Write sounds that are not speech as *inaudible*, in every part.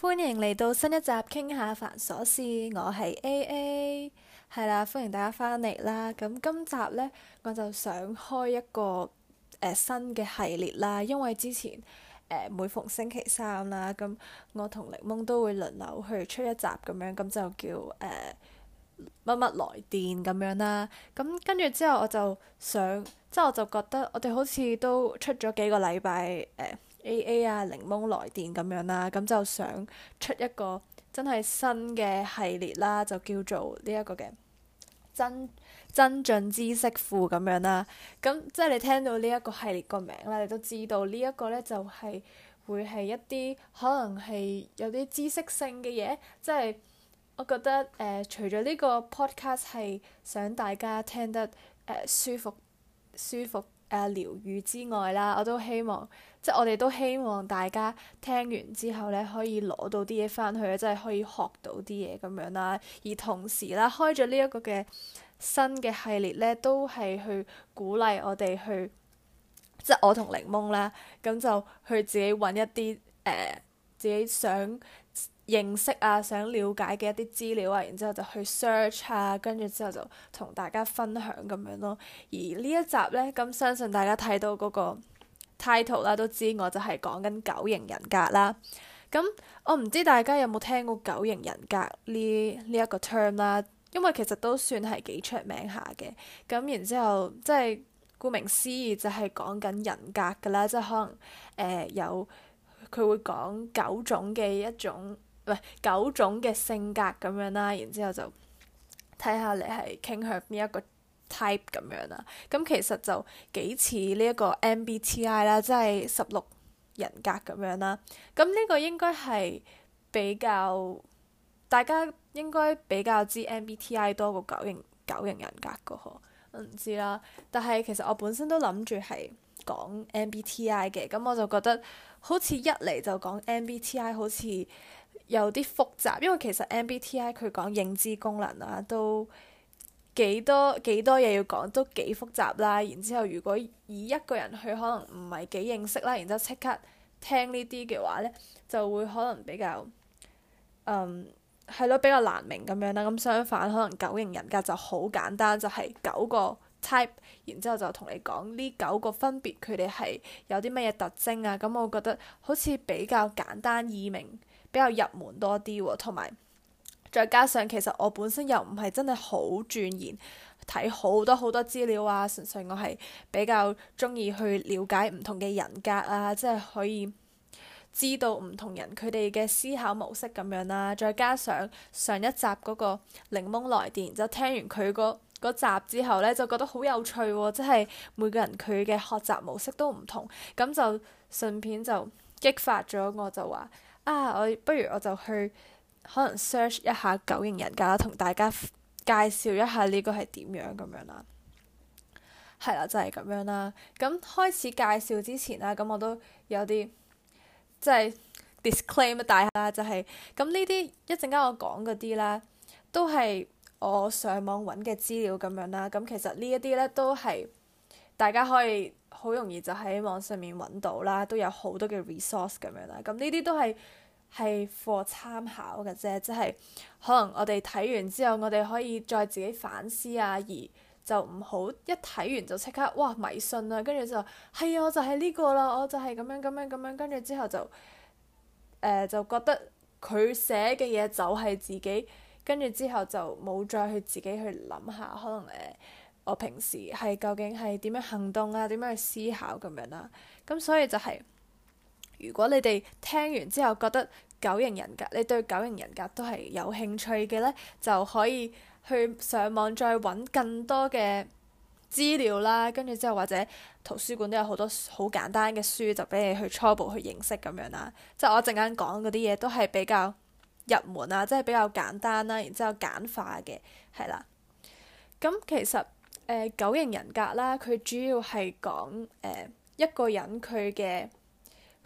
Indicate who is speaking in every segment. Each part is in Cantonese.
Speaker 1: 歡迎嚟到新一集，傾下煩瑣事。我係 AA，係啦，歡迎大家翻嚟啦。咁今集呢，我就想開一個誒、呃、新嘅系列啦，因為之前誒、呃、每逢星期三啦，咁我同檸檬都會輪流去出一集咁樣，咁就叫誒乜乜來電咁樣啦。咁跟住之後，我就想，即係我就覺得我哋好似都出咗幾個禮拜誒。呃 A A 啊，AA，檸檬來電咁樣啦，咁就想出一個真係新嘅系列啦，就叫做呢一個嘅增增進知識庫咁樣啦。咁即係你聽到呢一個系列個名啦，你都知道呢一個呢，就係會係一啲可能係有啲知識性嘅嘢。即係我覺得誒、呃，除咗呢個 podcast 係想大家聽得、呃、舒服舒服誒、呃、療愈之外啦，我都希望。即係我哋都希望大家聽完之後咧，可以攞到啲嘢翻去，即係可以學到啲嘢咁樣啦。而同時啦，開咗呢一個嘅新嘅系列咧，都係去鼓勵我哋去，即係我同檸檬啦，咁就去自己揾一啲誒、呃、自己想認識啊、想了解嘅一啲資料啊，然之後就去 search 啊，跟住之後就同大家分享咁樣咯。而呢一集咧，咁相信大家睇到嗰、嗰個。title 啦都知，我就係講緊九型人格啦。咁、嗯、我唔知大家有冇聽過九型人格呢呢一個 term 啦，因為其實都算係幾出名下嘅。咁然之後，即係顧名思義就係講緊人格噶啦，即係可能誒、呃、有佢會講九種嘅一種唔係、呃、九種嘅性格咁樣啦。然之後就睇下你係傾向邊一個 Type 咁樣啦，咁其實就幾似呢一個 MBTI 啦，即係十六人格咁樣啦。咁呢個應該係比較大家應該比較知 MBTI 多過九型九型人格個喎。我唔知啦，但係其實我本身都諗住係講 MBTI 嘅，咁我就覺得好似一嚟就講 MBTI 好似有啲複雜，因為其實 MBTI 佢講認知功能啦都。幾多幾多嘢要講都幾複雜啦，然之後如果以一個人去，可能唔係幾認識啦，然之後即刻聽呢啲嘅話呢，就會可能比較嗯係咯比較難明咁樣啦。咁相反，可能九型人格就好簡單，就係九個 type，然之後就同你講呢九個分別佢哋係有啲乜嘢特徵啊。咁我覺得好似比較簡單易明，比較入門多啲喎，同埋。再加上其實我本身又唔係真係好鑽研睇好多好多資料啊，純粹我係比較中意去了解唔同嘅人格啊，即係可以知道唔同人佢哋嘅思考模式咁樣啦、啊。再加上上一集嗰個檸檬來電，就聽完佢嗰集之後呢，就覺得好有趣喎、啊！即係每個人佢嘅學習模式都唔同，咁就順便就激發咗我就話啊，我不如我就去。可能 search 一下九型人格同大家介紹一下呢個係點樣咁樣啦。係啦，就係咁樣啦。咁開始介紹之前啦，咁我都有啲即係 disclaim 啊大家，就係咁呢啲一陣間我講嗰啲啦，都係我上網揾嘅資料咁樣啦。咁其實呢一啲呢，都係大家可以好容易就喺網上面揾到啦，都有好多嘅 resource 咁樣啦。咁呢啲都係。係 for 參考嘅啫，即係可能我哋睇完之後，我哋可以再自己反思啊，而就唔好一睇完就即刻哇迷信啊！跟住、啊、就係、是、啊，我就係呢個啦，我就係咁樣咁樣咁樣，跟住之後就誒、呃、就覺得佢寫嘅嘢就係自己，跟住之後就冇再去自己去諗下，可能誒、呃、我平時係究竟係點樣行動啊，點樣去思考咁、啊、樣啦、啊，咁所以就係、是。如果你哋聽完之後覺得九型人格，你對九型人格都係有興趣嘅呢，就可以去上網再揾更多嘅資料啦。跟住之後或者圖書館都有好多好簡單嘅書，就俾你去初步去認識咁樣啦。即係我陣間講嗰啲嘢都係比較入門啊，即係比較簡單啦，然之後簡化嘅，係啦。咁其實誒、呃、九型人格啦，佢主要係講誒一個人佢嘅。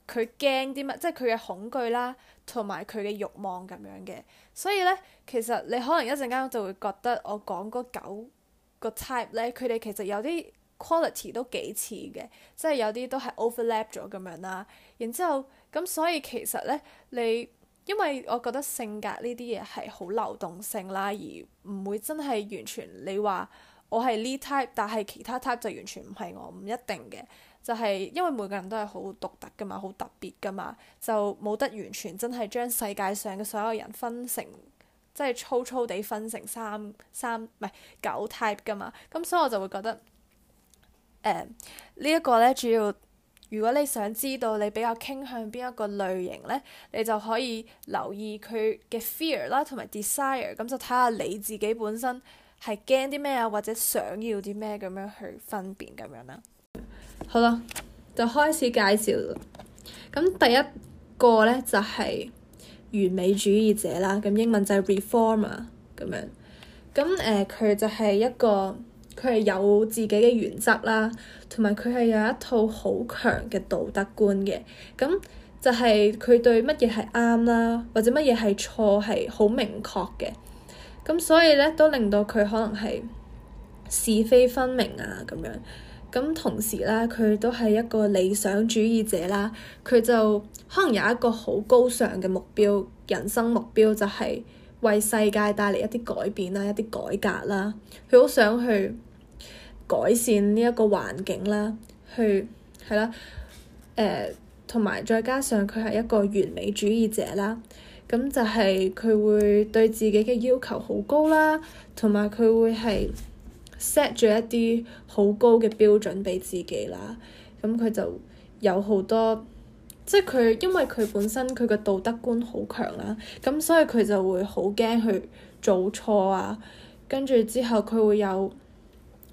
Speaker 1: 佢驚啲乜，即係佢嘅恐懼啦、啊，同埋佢嘅慾望咁樣嘅。所以呢，其實你可能一陣間就會覺得，我講嗰九個 type 咧，佢哋其實有啲 quality 都幾似嘅，即係有啲都係 overlap 咗咁樣啦。然之後咁，所以其實呢，你因為我覺得性格呢啲嘢係好流動性啦、啊，而唔會真係完全你話我係呢 type，但係其他 type 就完全唔係我，唔一定嘅。就係因為每個人都係好獨特噶嘛，好特別噶嘛，就冇得完全真係將世界上嘅所有人分成，即係粗粗地分成三三唔係九 type 噶嘛。咁所以我就會覺得呃，呢一個呢，主要如果你想知道你比較傾向邊一個類型呢，你就可以留意佢嘅 fear 啦，同埋 desire。咁就睇下你自己本身係驚啲咩啊，或者想要啲咩咁樣去分辨咁樣啦。好啦，就開始介紹。咁第一個咧就係完美主義者啦，咁英文就係 Reformer 咁樣。咁誒佢就係一個佢係有自己嘅原則啦，同埋佢係有一套好強嘅道德觀嘅。咁就係佢對乜嘢係啱啦，或者乜嘢係錯係好明確嘅。咁所以咧都令到佢可能係是非分明啊咁樣。咁同時咧，佢都係一個理想主義者啦。佢就可能有一個好高尚嘅目標，人生目標就係為世界帶嚟一啲改變啦、一啲改革啦。佢好想去改善呢一個環境啦，去係啦。誒，同埋再加上佢係一個完美主義者啦。咁就係佢會對自己嘅要求好高啦，同埋佢會係。set 住一啲好高嘅標準俾自己啦，咁佢就有好多，即係佢因為佢本身佢嘅道德觀好強啦，咁所以佢就會好驚去做錯啊，跟住之後佢會有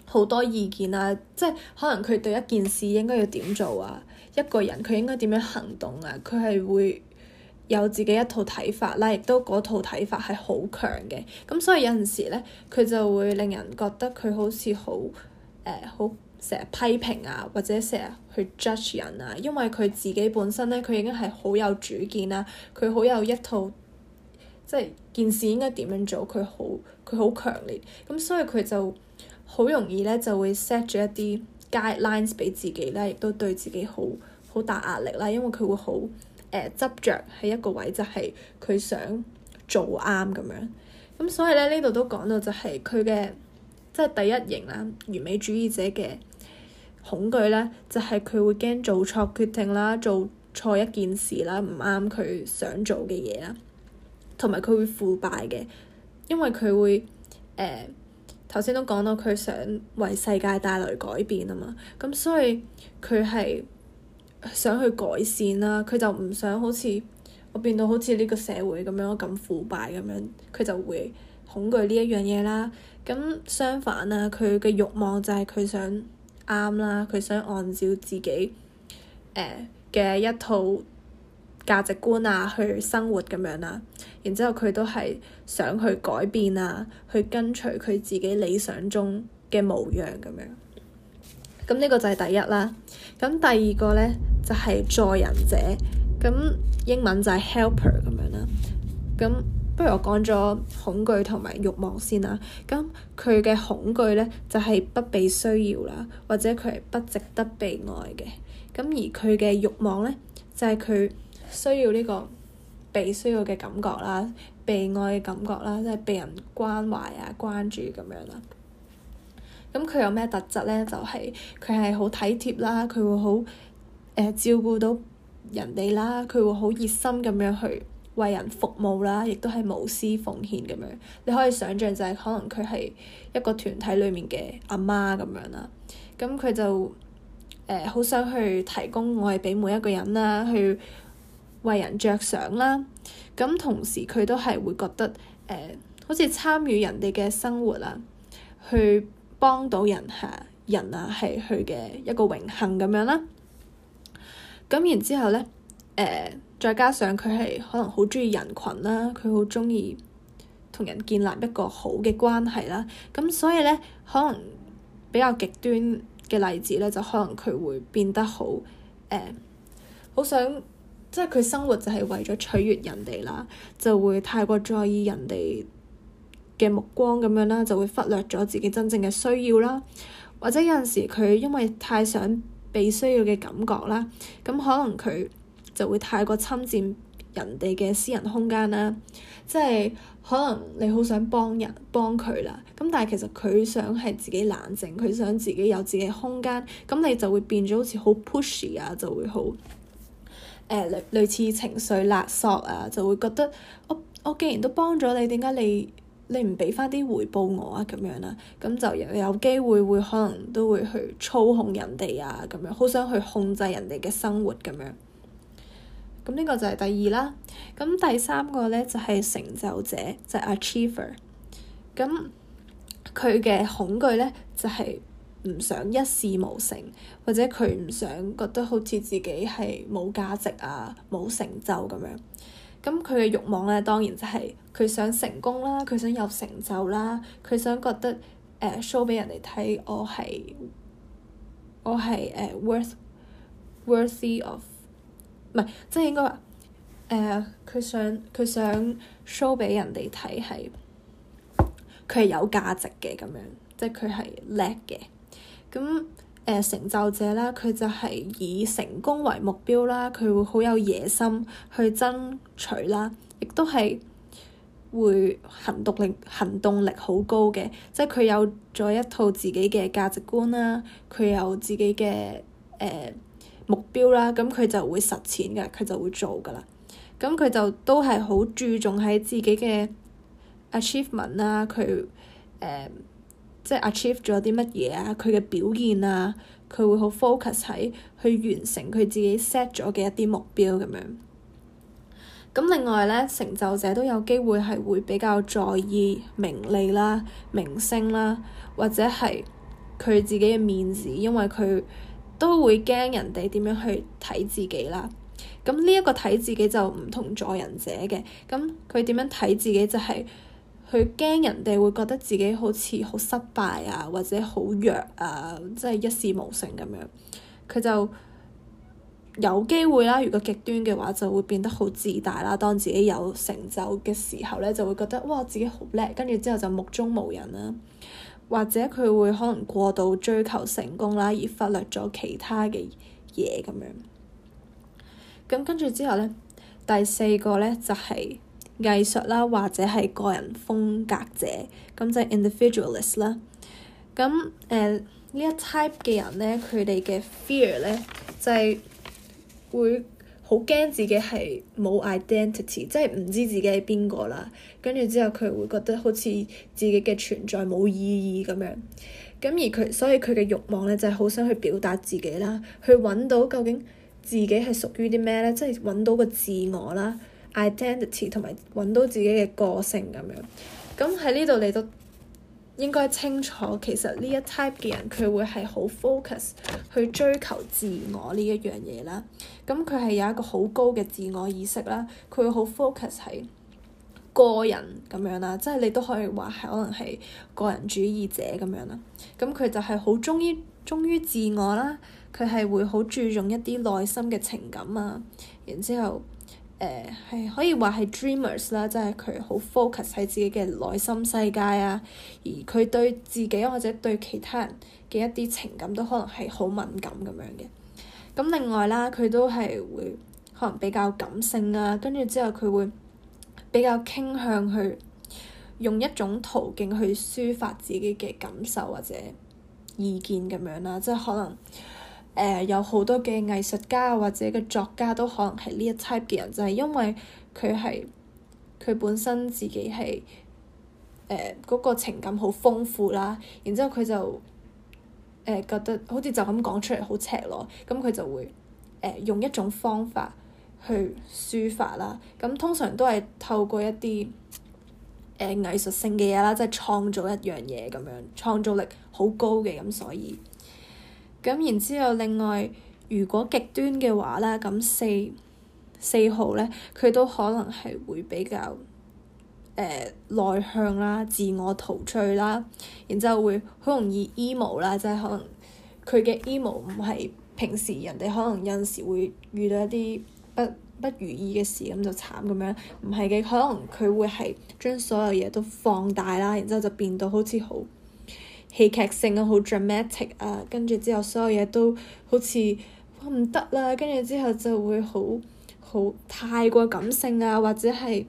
Speaker 1: 好多意見啊，即係可能佢對一件事應該要點做啊，一個人佢應該點樣行動啊，佢係會。有自己一套睇法啦，亦都嗰套睇法係好強嘅。咁所以有陣時咧，佢就會令人覺得佢好似好誒好成日批評啊，或者成日去 judge 人啊。因為佢自己本身咧，佢已經係好有主見啦，佢好有一套即係、就是、件事應該點樣做，佢好佢好強烈。咁所以佢就好容易咧就會 set 咗一啲 guidelines 俾自己咧，亦都對自己好好大壓力啦。因為佢會好。誒執著喺一個位，就係佢想做啱，咁樣，咁所以咧呢度都講到就係佢嘅，即係第一型啦，完美主義者嘅恐懼呢，就係佢會驚做錯決定啦，做錯一件事啦，唔啱佢想做嘅嘢啦，同埋佢會腐敗嘅，因為佢會誒頭先都講到佢想為世界帶來改變啊嘛，咁所以佢係。想去改善啦，佢就唔想好似我變到好似呢個社會咁樣咁腐敗咁樣，佢就會恐懼呢一樣嘢啦。咁相反啦，佢嘅慾望就係佢想啱啦，佢想按照自己誒嘅、呃、一套價值觀啊去生活咁樣啦。然之後，佢都係想去改變啊，去跟隨佢自己理想中嘅模樣咁樣。咁呢個就係第一啦。咁第二個呢，就係助人者，咁英文就係 helper 咁樣啦。咁不如我講咗恐懼同埋慾望先啦。咁佢嘅恐懼呢，就係不被需要啦，或者佢係不值得被愛嘅。咁而佢嘅慾望呢，就係佢需要呢個被需要嘅感覺啦，被愛嘅感覺啦，即係被人關懷啊、關注咁樣啦。咁佢有咩特質呢？就係佢係好體貼啦，佢會好、呃、照顧到人哋啦，佢會好熱心咁樣去為人服務啦，亦都係無私奉獻咁樣。你可以想象就係可能佢係一個團體裡面嘅阿媽咁樣啦。咁佢就呃、好想去提供愛俾每一個人啦，去為人着想啦。咁同時佢都係會覺得、呃、好似參與人哋嘅生活啦，去。幫到人嚇人啊，係佢嘅一個榮幸咁樣啦。咁然之後咧，誒、呃、再加上佢係可能好中意人群啦，佢好中意同人建立一個好嘅關係啦。咁所以咧，可能比較極端嘅例子咧，就可能佢會變得好誒，好、呃、想即係佢生活就係為咗取悅人哋啦，就會太過在意人哋。嘅目光咁樣啦，就會忽略咗自己真正嘅需要啦。或者有陣時佢因為太想被需要嘅感覺啦，咁可能佢就會太過侵占人哋嘅私人空間啦。即係可能你好想幫人幫佢啦，咁但係其實佢想係自己冷靜，佢想自己有自己嘅空間，咁你就會變咗好似好 pushy 啊，就會好誒、呃、類類似情緒勒索啊，就會覺得我我既然都幫咗你，點解你？你唔畀翻啲回報我啊，咁樣啦，咁就有機會會可能都會去操控人哋啊，咁樣好想去控制人哋嘅生活咁樣。咁呢個就係第二啦。咁第三個咧就係成就者，就係 achiever。咁佢嘅恐懼咧就係唔想一事無成，或者佢唔想覺得好似自己係冇價值啊、冇成就咁樣。咁佢嘅慾望咧當然就係。佢想成功啦，佢想有成就啦，佢想覺得誒、呃、show 俾人哋睇，我係我係誒 worth worthy of，唔係即係應該話誒佢想佢想 show 俾人哋睇係佢係有價值嘅咁樣，即係佢係叻嘅。咁誒、呃、成就者啦，佢就係以成功為目標啦，佢會好有野心去爭取啦，亦都係，會行動力行動力好高嘅，即係佢有咗一套自己嘅價值觀啦，佢有自己嘅誒、呃、目標啦，咁佢就會實踐嘅，佢就會做噶啦。咁佢就都係好注重喺自己嘅 achievement 啦，佢誒即係 achieve 咗啲乜嘢啊，佢嘅表現啊，佢會好 focus 喺去完成佢自己 set 咗嘅一啲目標咁樣。咁另外咧，成就者都有機會係會比較在意名利啦、名聲啦，或者係佢自己嘅面子，因為佢都會驚人哋點樣去睇自己啦。咁呢一個睇自己就唔同助人者嘅，咁佢點樣睇自己就係佢驚人哋會覺得自己好似好失敗啊，或者好弱啊，即係一事無成咁樣，佢就。有機會啦。如果極端嘅話，就會變得好自大啦。當自己有成就嘅時候呢，就會覺得哇我自己好叻，跟住之後就目中無人啦。或者佢會可能過度追求成功啦，而忽略咗其他嘅嘢咁樣。咁跟住之後呢，第四個呢，就係藝術啦，或者係個人風格者咁就係 individualist 啦。咁誒呢一 type 嘅人呢，佢哋嘅 fear 呢，就係、是。會好驚自己係冇 identity，即係唔知自己係邊個啦。跟住之後佢會覺得好似自己嘅存在冇意義咁樣。咁而佢所以佢嘅欲望咧，就係好想去表達自己啦，去搵到究竟自己係屬於啲咩咧？即係搵到個自我啦，identity 同埋搵到自己嘅個性咁樣。咁喺呢度你都應該清楚，其實呢一 type 嘅人佢會係好 focus 去追求自我呢一樣嘢啦。咁佢係有一個好高嘅自我意識啦，佢會好 focus 係個人咁樣啦，即係你都可以話係可能係個人主義者咁樣啦。咁佢就係好忠於忠於自我啦，佢係會好注重一啲內心嘅情感啊，然之後。誒係、uh, 可以話係 dreamers 啦，即係佢好 focus 喺自己嘅內心世界啊，而佢對自己或者對其他人嘅一啲情感都可能係好敏感咁樣嘅。咁另外啦，佢都係會可能比較感性啊，跟住之後佢會比較傾向去用一種途徑去抒發自己嘅感受或者意見咁樣啦，即係可能。誒、呃、有好多嘅藝術家或者嘅作家都可能係呢一 type 嘅人，就係、是、因為佢係佢本身自己係誒嗰個情感好豐富啦，然之後佢就誒、呃、覺得好似就咁講出嚟好赤咯，咁佢就會誒、呃、用一種方法去抒發啦。咁通常都係透過一啲誒、呃、藝術性嘅嘢啦，即係創造一樣嘢咁樣，創造力好高嘅，咁所以。咁然之後，另外如果極端嘅話咧，咁四四號咧，佢都可能係會比較誒內向啦、自我陶醉啦，然之後會好容易 emo 啦，即係可能佢嘅 emo 唔係平時人哋可能有時會遇到一啲不不如意嘅事咁就慘咁樣，唔係嘅，可能佢會係將所有嘢都放大啦，然之後就變到好似好戲劇性啊，好 dramatic 啊，跟住之後所有嘢都好似哇，唔得啦，跟住之後就會好好太過感性啊，或者係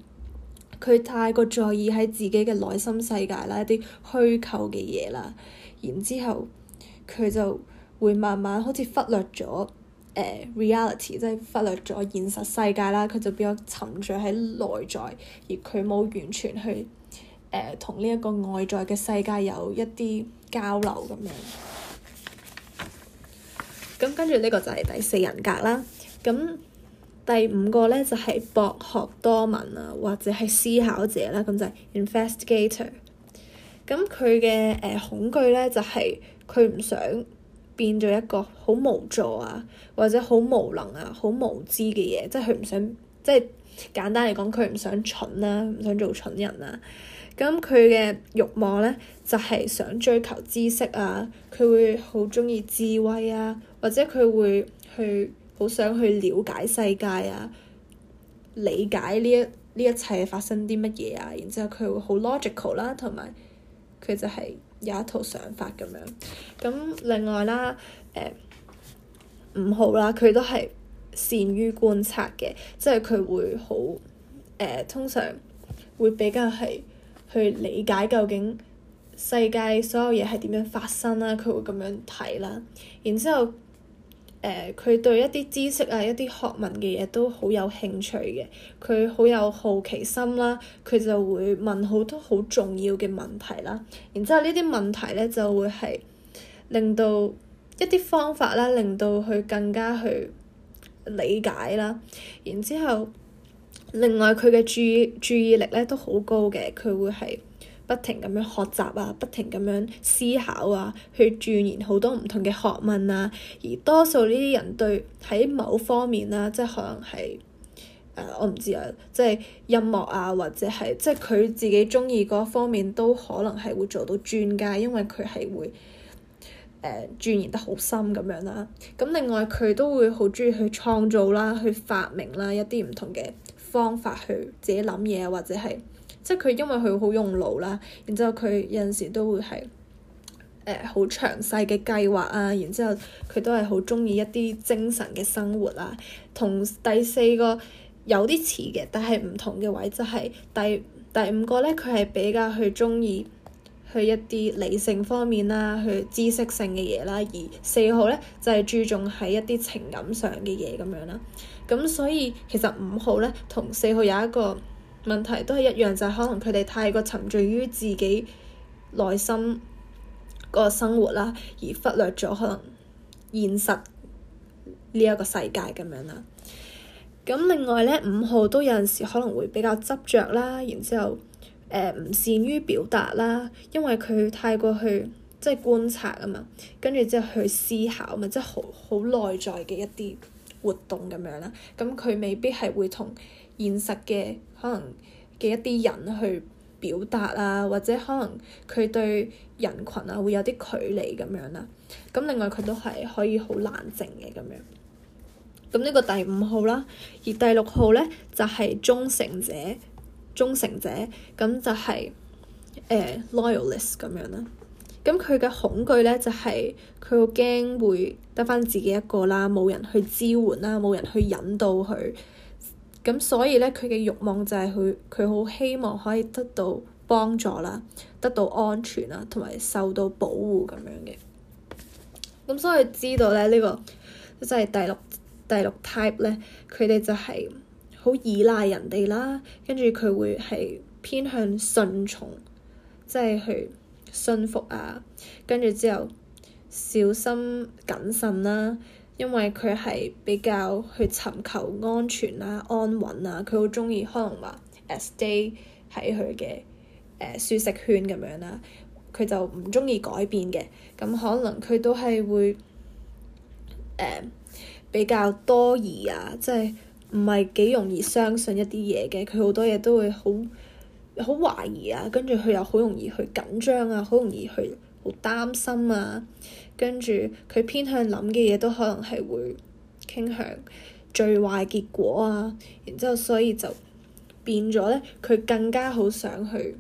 Speaker 1: 佢太過在意喺自己嘅內心世界啦，一啲虛構嘅嘢啦，然之後佢就會慢慢好似忽略咗誒、uh, reality，即係忽略咗現實世界啦，佢就比較沉醉喺內在，而佢冇完全去誒同呢一個外在嘅世界有一啲。交流咁樣，咁跟住呢個就係第四人格啦。咁第五個咧就係、是、博學多聞啊，或者係思考者啦。咁就係 investigator。咁佢嘅誒恐懼咧，就係佢唔想變做一個好無助啊，或者好無能啊、好無知嘅嘢，即係佢唔想即係。就是簡單嚟講，佢唔想蠢啦，唔想做蠢人啦。咁佢嘅慾望呢，就係、是、想追求知識啊。佢會好鍾意智慧啊，或者佢會去好想去了解世界啊，理解呢一呢一切發生啲乜嘢啊。然之後佢會好 logical 啦、啊，同埋佢就係有一套想法咁樣。咁另外、呃、啦，誒五號啦，佢都係。善於觀察嘅，即係佢會好誒、呃，通常會比較係去理解究竟世界所有嘢係點樣發生啦。佢會咁樣睇啦，然之後誒，佢、呃、對一啲知識啊、一啲學問嘅嘢都好有興趣嘅。佢好有好奇心啦，佢就會問好多好重要嘅問題啦。然之後呢啲問題咧就會係令到一啲方法啦，令到佢更加去理解啦，然之後，另外佢嘅注意注意力咧都好高嘅，佢會係不停咁樣學習啊，不停咁樣思考啊，去鑽研好多唔同嘅學問啊。而多數呢啲人對喺某方面啦，即係可能係誒、呃、我唔知啊，即係音樂啊，或者係即係佢自己中意嗰方面都可能係會做到專家，因為佢係會。誒鑽研得好深咁樣啦，咁另外佢都會好中意去創造啦，去發明啦一啲唔同嘅方法去自己諗嘢或者係，即係佢因為佢好用腦啦，然之後佢有陣時都會係誒好詳細嘅計劃啊，然之後佢都係好中意一啲精神嘅生活啊。同第四個有啲似嘅，但係唔同嘅位就係、是、第第五個咧，佢係比較去中意。去一啲理性方面啦，去知識性嘅嘢啦，而四號咧就係注重喺一啲情感上嘅嘢咁樣啦。咁所以其實五號咧同四號有一個問題都係一樣，就係可能佢哋太過沉醉於自己內心個生活啦，而忽略咗可能現實呢一個世界咁樣啦。咁另外咧五號都有陣時可能會比較執着啦，然之後。誒唔，呃，善於表達啦，因為佢太過去即係觀察啊嘛，跟住之後去思考嘛，即係好好內在嘅一啲活動咁樣啦。咁佢未必係會同現實嘅可能嘅一啲人去表達啊，或者可能佢對人群啊會有啲距離咁樣啦。咁另外佢都係可以好冷靜嘅咁樣。咁呢個第五號啦，而第六號呢就係忠誠者。忠誠者咁就係、是、誒、呃、loyalist 咁樣啦。咁佢嘅恐懼呢，就係佢好驚會得返自己一個啦，冇人去支援啦，冇人去引導佢。咁所以呢，佢嘅慾望就係佢佢好希望可以得到幫助啦，得到安全啦，同埋受到保護咁樣嘅。咁所以知道咧，呢、呢個即係、就是、第六第六 type 呢、就是，佢哋就係，好依賴人哋啦，跟住佢會係偏向順從，即係去信服啊，跟住之後小心謹慎啦，啊，因為佢係比較去尋求安全啊、安穩啊，佢好中意可能話 stay 喺佢嘅舒適圈咁樣啦，啊，佢就唔中意改變嘅，咁可能佢都係會、呃、比較多疑啊，即係。唔係幾容易相信一啲嘢嘅，佢好多嘢都會好好懷疑啊，跟住佢又好容易去緊張啊，好容易去好擔心啊，跟住佢偏向諗嘅嘢都可能係會傾向最壞結果啊，然之後所以就變咗咧，佢更加好想去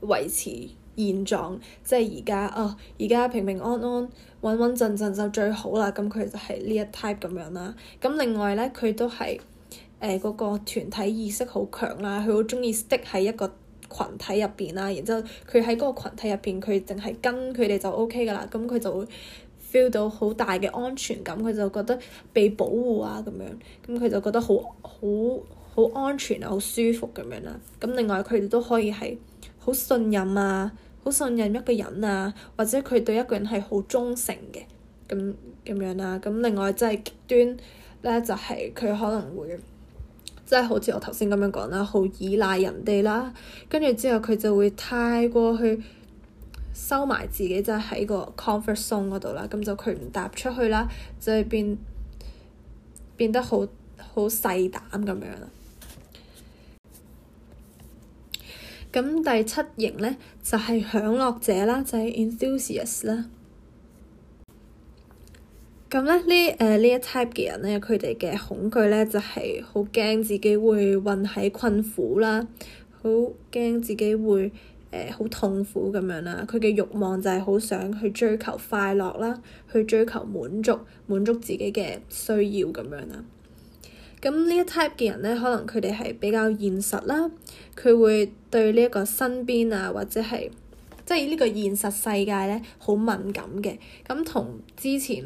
Speaker 1: 維持。現狀即係而家啊，而家平平安安、穩穩陣陣就最好啦。咁佢就係呢一 type 咁樣啦。咁另外咧，佢都係誒嗰個團體意識好強啦，佢好中意 stick 喺一個群體入邊啦。然之後佢喺嗰個群體入邊，佢淨係跟佢哋就 OK 㗎啦。咁佢就會 feel 到好大嘅安全感，佢就覺得被保護啊咁樣。咁佢就覺得好好好安全啊，好舒服咁樣啦。咁另外佢哋都可以係。好信任啊，好信任一個人啊，或者佢對一個人係好忠誠嘅，咁咁樣啦。咁另外即係極端咧，就係、是、佢可能會即係、就是、好似我頭先咁樣講啦，好依賴人哋啦。跟住之後佢就會太過去收埋自己，即係喺個 comfort zone 嗰度啦。咁就佢唔踏出去啦，就係變變得好好細膽咁樣啦。咁第七型咧就係享樂者啦，就係 enthusiast 啦。咁、就、咧、是、呢誒呢、呃、一 type 嘅人咧，佢哋嘅恐懼咧就係好驚自己會混喺困苦啦，好驚自己會誒好、呃、痛苦咁樣啦。佢嘅慾望就係好想去追求快樂啦，去追求滿足，滿足自己嘅需要咁樣啦。咁呢一 type 嘅人咧，可能佢哋係比較現實啦。佢會對呢一個身邊啊，或者係即係呢個現實世界咧，好敏感嘅。咁同之前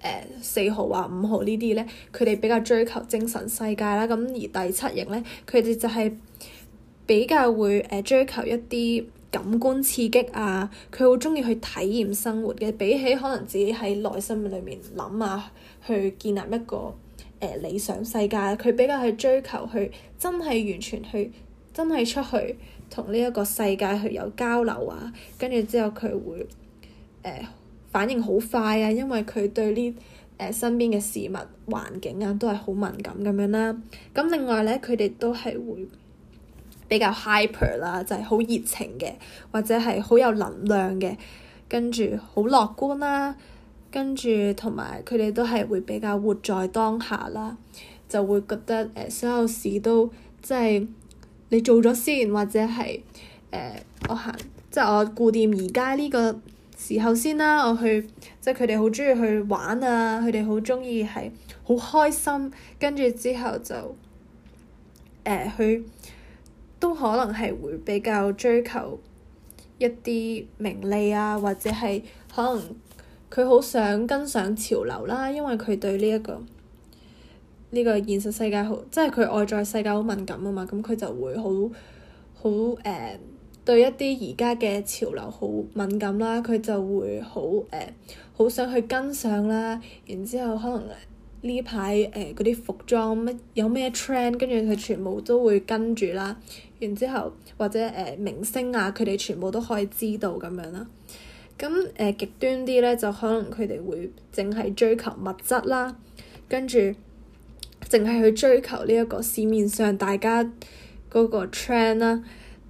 Speaker 1: 誒四號啊、五號呢啲咧，佢哋比較追求精神世界啦。咁而第七型咧，佢哋就係比較會誒追求一啲感官刺激啊。佢好中意去體驗生活嘅，比起可能自己喺內心裏面諗啊，去建立一個。理想世界，佢比較去追求去真係完全去真係出去同呢一個世界去有交流啊，跟住之後佢會、呃、反應好快啊，因為佢對呢、呃、身邊嘅事物環境啊都係好敏感咁樣啦。咁另外呢，佢哋都係會比較 hyper 啦，就係好熱情嘅，或者係好有能量嘅，跟住好樂觀啦。跟住同埋佢哋都係會比較活在當下啦，就會覺得誒、呃、所有事都即係你做咗先，或者係誒、呃、我行即係我顧掂而家呢個時候先啦。我去即係佢哋好中意去玩啊，佢哋好中意係好開心，跟住之後就誒去、呃、都可能係會比較追求一啲名利啊，或者係可能。佢好想跟上潮流啦，因為佢對呢、這、一個呢、這個現實世界好，即係佢外在世界好敏感啊嘛，咁佢就會好好誒對一啲而家嘅潮流好敏感啦，佢就會好誒好想去跟上啦，然之後可能呢排誒嗰啲服裝乜有咩 trend，跟住佢全部都會跟住啦，然之後或者誒、uh, 明星啊，佢哋全部都可以知道咁樣啦。咁誒、呃、極端啲呢，就可能佢哋會淨係追求物質啦，跟住淨係去追求呢一個市面上大家嗰個 trend 啦，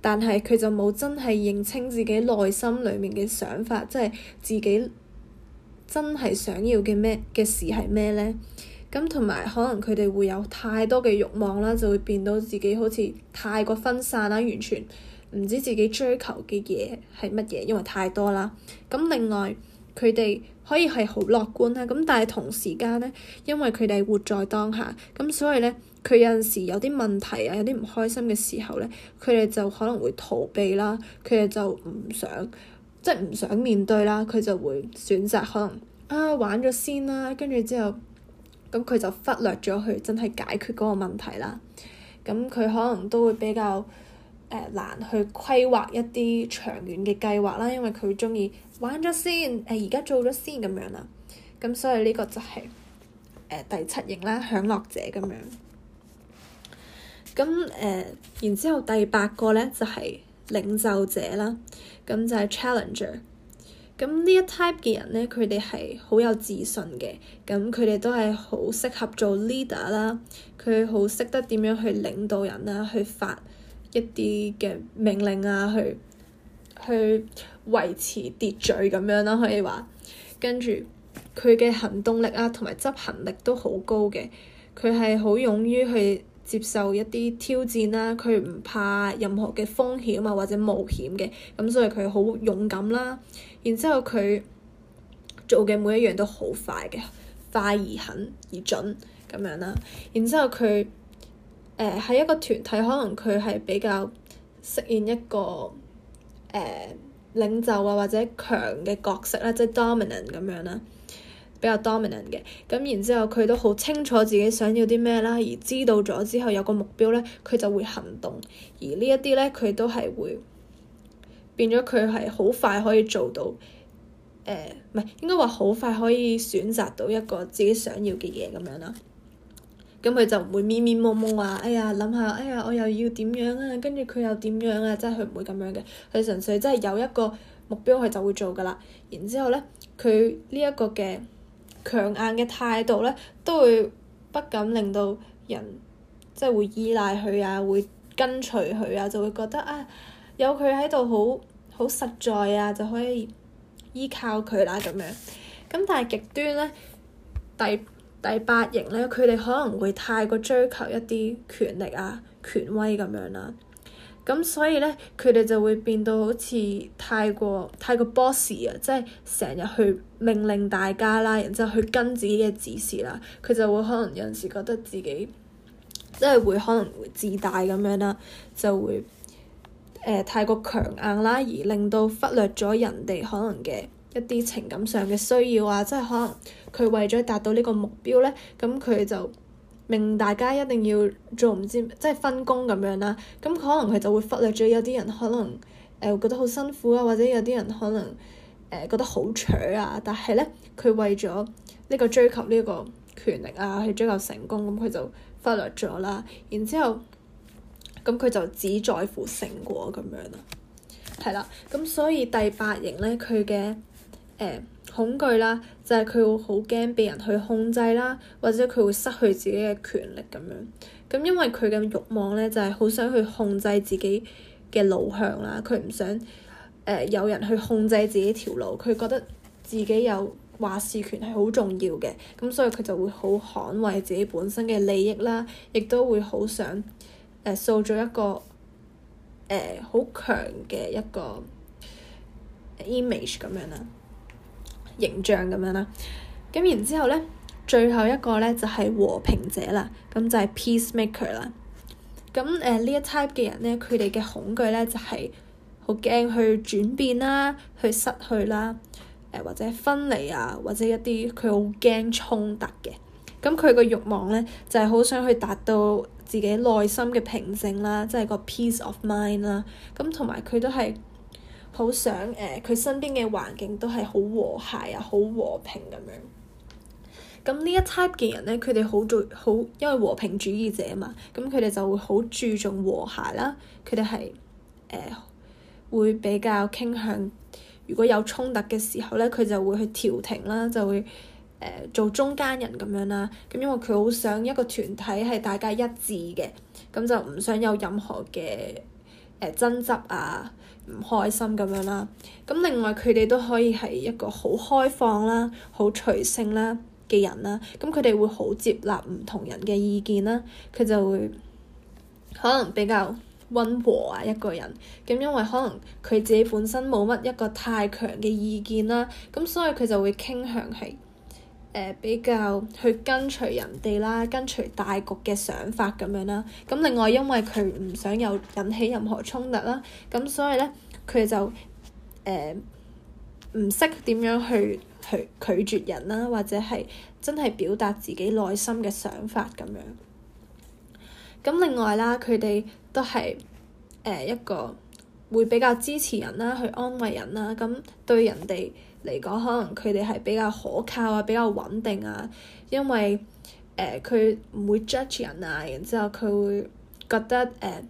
Speaker 1: 但係佢就冇真係認清自己內心裡面嘅想法，即、就、係、是、自己真係想要嘅咩嘅事係咩呢？咁同埋可能佢哋會有太多嘅慾望啦，就會變到自己好似太過分散啦，完全。唔知自己追求嘅嘢係乜嘢，因為太多啦。咁另外佢哋可以係好樂觀啦，咁但係同時間呢，因為佢哋活在當下，咁所以呢，佢有陣時有啲問題啊，有啲唔開心嘅時候呢，佢哋就可能會逃避啦，佢哋就唔想即係唔想面對啦，佢就會選擇可能啊玩咗先啦，跟住之後咁佢就忽略咗佢真係解決嗰個問題啦。咁佢可能都會比較。誒難去規劃一啲長遠嘅計劃啦，因為佢鍾意玩咗先，誒而家做咗先咁樣啦。咁所以呢個就係、是、誒、呃、第七型啦，享樂者咁樣。咁誒、呃，然之後第八個咧就係、是、領袖者啦。咁就係 challenger。咁呢一 type 嘅人咧，佢哋係好有自信嘅。咁佢哋都係好適合做 leader 啦。佢好識得點樣去領導人啦，去發，一啲嘅命令啊，去去維持秩序咁樣啦，可以話跟住佢嘅行動力啊，同埋執行力都好高嘅，佢係好勇於去接受一啲挑戰啦，佢唔怕任何嘅風險啊或者冒險嘅，咁所以佢好勇敢啦，然之後佢做嘅每一樣都好快嘅，快而狠而準咁樣啦，然之後佢。誒喺、呃、一個團體，可能佢係比較適應一個誒、呃、領袖啊，或者強嘅角色啦、啊，即係 dominant 咁樣啦，比較 dominant 嘅。咁然之後佢都好清楚自己想要啲咩啦，而知道咗之後有個目標咧，佢就會行動。而呢一啲咧，佢都係會變咗佢係好快可以做到誒，唔、呃、係應該話好快可以選擇到一個自己想要嘅嘢咁樣啦、啊。咁佢就唔會咪咪蒙蒙話，哎呀，諗下，哎呀，我又要點樣啊？跟住佢又點樣啊？真係佢唔會咁樣嘅，佢純粹真係有一個目標，佢就會做噶啦。然之後咧，佢呢一個嘅強硬嘅態度咧，都會不敢令到人即係、就是、會依賴佢啊，會跟隨佢啊，就會覺得啊，有佢喺度好好實在啊，就可以依靠佢啦咁樣。咁但係極端咧，第。第八型咧，佢哋可能會太過追求一啲權力啊、權威咁樣啦、啊，咁所以咧，佢哋就會變到好似太過太過 boss 啊，即係成日去命令大家啦，然之後去跟自己嘅指示啦，佢就會可能有時覺得自己即係會可能會自大咁樣啦、啊，就會誒、呃、太過強硬啦，而令到忽略咗人哋可能嘅。一啲情感上嘅需要啊，即係可能佢為咗達到呢個目標咧，咁佢就命大家一定要做唔知，即係分工咁樣啦、啊。咁可能佢就會忽略咗有啲人可能誒、呃、覺得好辛苦啊，或者有啲人可能誒、呃、覺得好攰啊。但係咧，佢為咗呢個追求呢個權力啊，去追求成功，咁佢就忽略咗啦。然之後，咁佢就只在乎成果咁樣啦、啊。係啦，咁所以第八型咧，佢嘅。恐懼啦，就係、是、佢會好驚畀人去控制啦，或者佢會失去自己嘅權力咁樣。咁因為佢嘅慾望呢，就係、是、好想去控制自己嘅路向啦。佢唔想、呃、有人去控制自己條路，佢覺得自己有話事權係好重要嘅。咁所以佢就會好捍衞自己本身嘅利益啦，亦都會好想、呃、塑造一個好強嘅一個 image 咁樣啦。形象咁樣啦，咁然之後呢，最後一個呢就係和平者啦，咁就係 Peacemaker 啦。咁誒呢一 type 嘅人呢，佢哋嘅恐懼呢就係好驚去轉變啦，去失去啦，呃、或者分離啊，或者一啲佢好驚衝突嘅。咁佢個慾望呢，就係好想去達到自己內心嘅平靜啦，即係個 peace of mind 啦。咁同埋佢都係。好想誒，佢、呃、身邊嘅環境都係好和諧啊，好和平咁樣。咁呢一 type 嘅人咧，佢哋好注好，因為和平主義者嘛，咁佢哋就會好注重和諧啦。佢哋係誒會比較傾向，如果有衝突嘅時候咧，佢就會去調停啦，就會誒、呃、做中間人咁樣啦。咁因為佢好想一個團體係大家一致嘅，咁就唔想有任何嘅誒、呃、爭執啊。唔開心咁樣啦，咁另外佢哋都可以係一個好開放啦、好隨性啦嘅人啦，咁佢哋會好接納唔同人嘅意見啦，佢就會可能比較温和啊一個人，咁因為可能佢自己本身冇乜一個太強嘅意見啦，咁所以佢就會傾向係。誒、呃、比較去跟隨人哋啦，跟隨大局嘅想法咁樣啦。咁另外因為佢唔想有引起任何衝突啦，咁所以咧佢就誒唔識點樣去去拒絕人啦，或者係真係表達自己內心嘅想法咁樣。咁另外啦，佢哋都係誒、呃、一個會比較支持人啦，去安慰人啦，咁對人哋嚟講，可能佢哋係比較可靠啊，比較穩定啊，因為誒佢唔會 judge 人啊，然之後佢會覺得誒誒、呃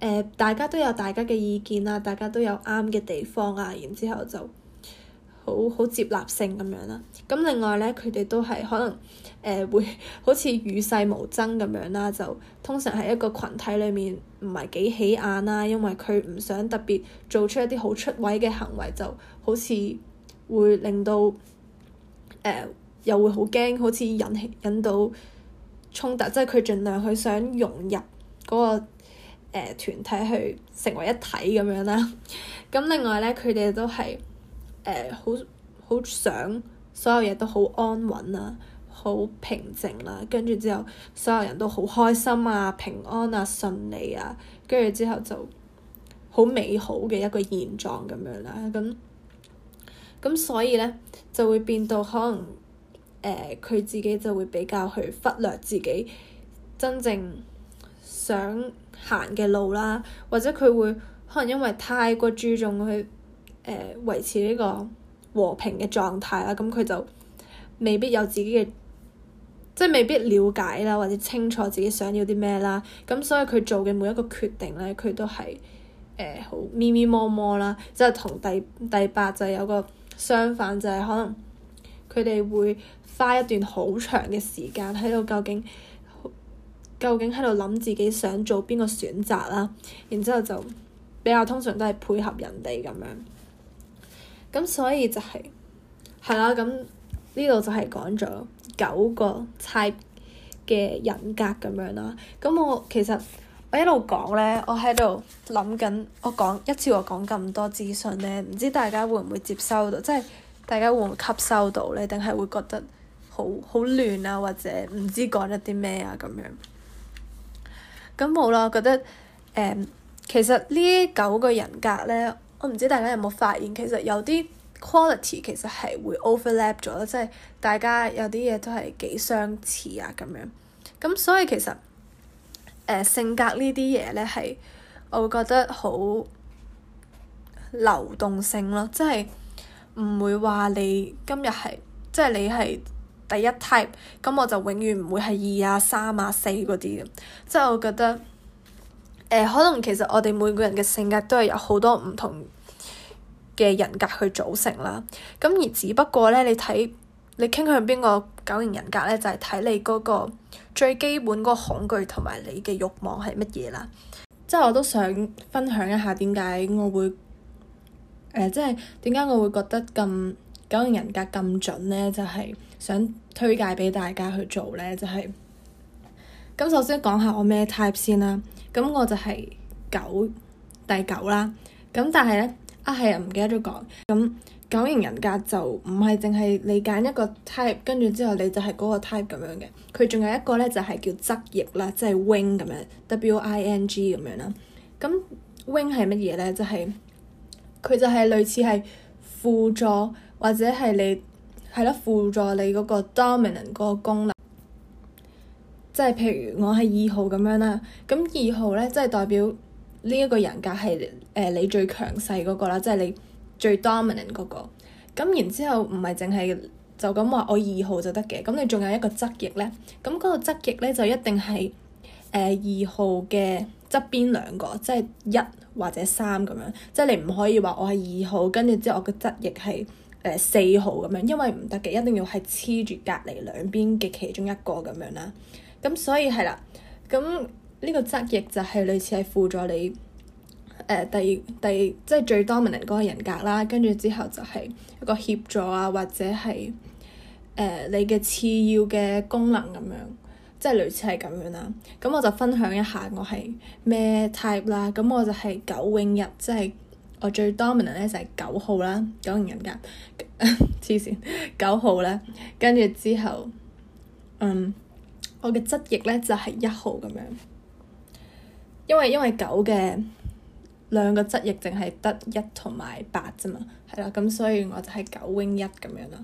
Speaker 1: 呃、大家都有大家嘅意見啊，大家都有啱嘅地方啊，然之後就好好接納性咁樣啦。咁另外咧，佢哋都係可能誒、呃、會好似與世無爭咁樣啦，就通常喺一個群體裏面唔係幾起眼啦，因為佢唔想特別做出一啲好出位嘅行為，就好似。會令到誒、呃、又會好驚，好似引起引到衝突，即係佢盡量去想融入嗰、那個誒團、呃、體去成為一體咁樣啦。咁另外咧，佢哋都係誒好好想所有嘢都好安穩啊、好平靜啦，跟住之後所有人都好開心啊、平安啊、順利啊，跟住之後就好美好嘅一個現狀咁樣啦。咁咁所以咧就會變到可能誒佢、呃、自己就會比較去忽略自己真正想行嘅路啦，或者佢會可能因為太過注重去誒維、呃、持呢個和平嘅狀態啦，咁佢就未必有自己嘅即係未必了解啦，或者清楚自己想要啲咩啦。咁所以佢做嘅每一個決定咧，佢都係誒好咪咪摸摸啦，即係同第第八就有個。相反就係可能佢哋會花一段好長嘅時間喺度究竟、究竟喺度諗自己想做邊個選擇啦，然之後就比較通常都係配合人哋咁樣。咁所以就係係啦，咁呢度就係講咗九個 type 嘅人格咁樣啦。咁我其實～我一路講咧，我喺度諗緊，我講一次我講咁多資訊咧，唔知大家會唔會接收到？即係大家會唔會吸收到咧？定係會覺得好好亂啊，或者唔知講咗啲咩啊咁樣？咁冇啦，我覺得誒、嗯，其實呢九個人格咧，我唔知大家有冇發現，其實有啲 quality 其實係會 overlap 咗。即係大家有啲嘢都係幾相似啊咁樣。咁所以其實。誒、呃、性格呢啲嘢呢，係，我覺得好流動性咯，即係唔會話你今日係，即係你係第一 type，咁我就永遠唔會係二啊、三啊、四嗰啲嘅，即係我覺得誒、呃、可能其實我哋每個人嘅性格都係有好多唔同嘅人格去組成啦，咁而只不過呢，你睇。你傾向邊個九型人格呢？就係、是、睇你嗰個最基本嗰個恐懼同埋你嘅慾望係乜嘢啦。即係我都想分享一下點解我會、呃、即係點解我會覺得咁九型人格咁準呢？就係、是、想推介俾大家去做呢，就係、是、咁。首先講下我咩 type 先啦。咁我就係九第九啦。咁但係呢，啊係唔、啊、記得咗講咁。九型人格就唔係淨係你揀一個 type，跟住之後你就係嗰個 type 咁樣嘅。佢仲有一個呢，就係叫側翼啦，即係 wing 咁樣，W-I-N-G 咁樣啦。咁 wing 係乜嘢呢？就係佢就係類似係輔助或者係你係咯，輔助你嗰個 dominant 嗰個功能。即係譬如我係二號咁樣啦，咁二號呢，即係代表呢一個人格係誒你最強勢嗰個啦，即係你。最 dominant 嗰個，咁然之後唔係淨係就咁話我二號就得嘅，咁你仲有一個側翼呢，咁嗰個側翼呢，就一定係誒二號嘅側邊兩個，即係一或者三咁樣，即係你唔可以話我係二號，跟住之後我嘅側翼係誒四號咁樣，因為唔得嘅，一定要係黐住隔離兩邊嘅其中一個咁樣啦。咁所以係啦，咁呢個側翼就係類似係輔助你。誒、呃，第二第二即係最多 dominant 嗰個人格啦，跟住之後就係一個協助啊，或者係誒、呃、你嘅次要嘅功能咁樣，即係類似係咁樣啦。咁我就分享一下我係咩 type 啦。咁我就係九永日，即係我最 dominant 咧就係九號啦，九型人格。黐線九號咧，跟住之後，嗯，我嘅側翼咧就係、是、一號咁樣，因為因為九嘅。兩個質翼淨係得一同埋八啫嘛，係啦，咁所以我就係九 wing 一咁樣啦，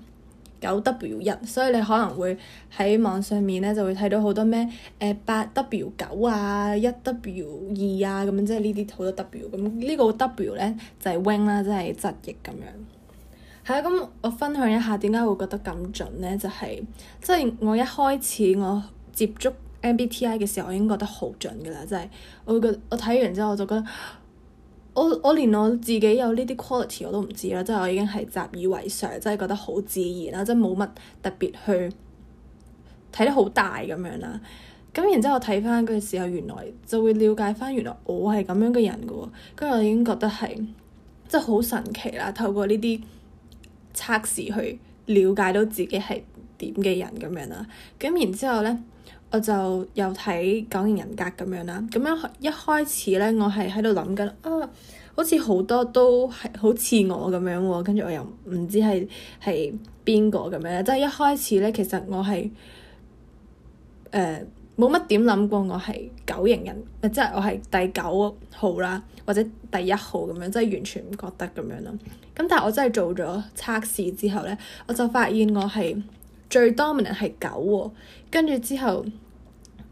Speaker 1: 九 w 一，所以你可能會喺網上面咧就會睇到好多咩誒八 w 九啊，一 w 二啊，咁樣即係呢啲好多 w 咁呢個 w 咧就係、是、wing 啦，即係質翼咁樣。係啦，咁我分享一下點解會覺得咁準咧？就係即係我一開始我接觸 MBTI 嘅時候，我已經覺得好準噶啦，即、就、係、是、我會覺我睇完之後我就覺得。我我連我自己有呢啲 quality 我都唔知啦，即係我已經係習以為常，即係覺得好自然啦，即係冇乜特別去睇得好大咁樣啦。咁然之後我睇翻嘅時候，原來就會了解翻原來我係咁樣嘅人嘅喎。跟住我已經覺得係即係好神奇啦，透過呢啲測試去了解到自己係點嘅人咁樣啦。咁然之後咧。我就又睇九型人格咁樣啦，咁樣一開始咧，我係喺度諗緊啊，好似好多都係好似我咁樣喎，跟住我又唔知係係邊個咁樣，即係一開始咧，其實我係誒冇乜點諗過我係九型人，即係我係第九號啦，或者第一號咁樣，即係完全唔覺得咁樣咯。咁但係我真係做咗測試之後咧，我就發現我係最 dominant 係九喎。跟住之後，誒、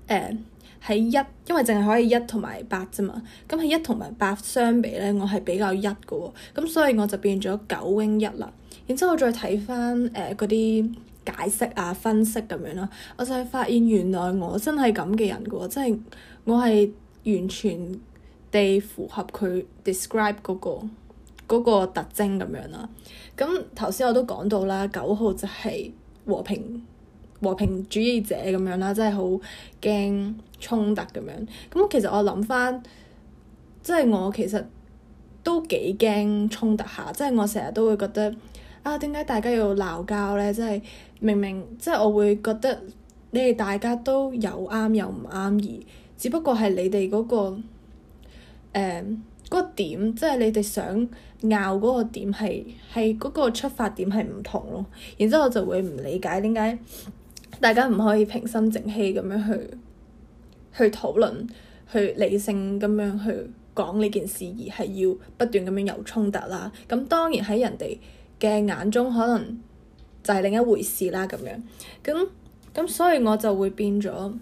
Speaker 1: 呃、喺一，因為淨係可以一同埋八啫嘛。咁喺一同埋八相比咧，我係比較一嘅喎、哦。咁所以我就變咗九 wing 一啦。然之後我再睇翻誒嗰啲解釋啊、分析咁樣啦，我就係發現原來我真係咁嘅人嘅喎，即、就、係、是、我係完全地符合佢 describe 嗰、那個嗰、那個特徵咁樣啦。咁頭先我都講到啦，九號就係和平。和平主義者咁樣啦，真係好驚衝突咁樣。咁其實我諗翻，即係我其實都幾驚衝突下。即係我成日都會覺得啊，點解大家要鬧交呢？即明明，即係明明即係我會覺得你哋大家都有啱又唔啱，而只不過係你哋嗰、嗰個誒、呃嗰個、點，即係你哋想拗嗰個點係係嗰個出發點係唔同咯。然之後我就會唔理解點解。大家唔可以平心靜氣咁樣去去討論，去理性咁樣去講呢件事，而係要不斷咁樣有衝突啦。咁當然喺人哋嘅眼中，可能就係另一回事啦。咁樣，咁咁所以我就會變咗，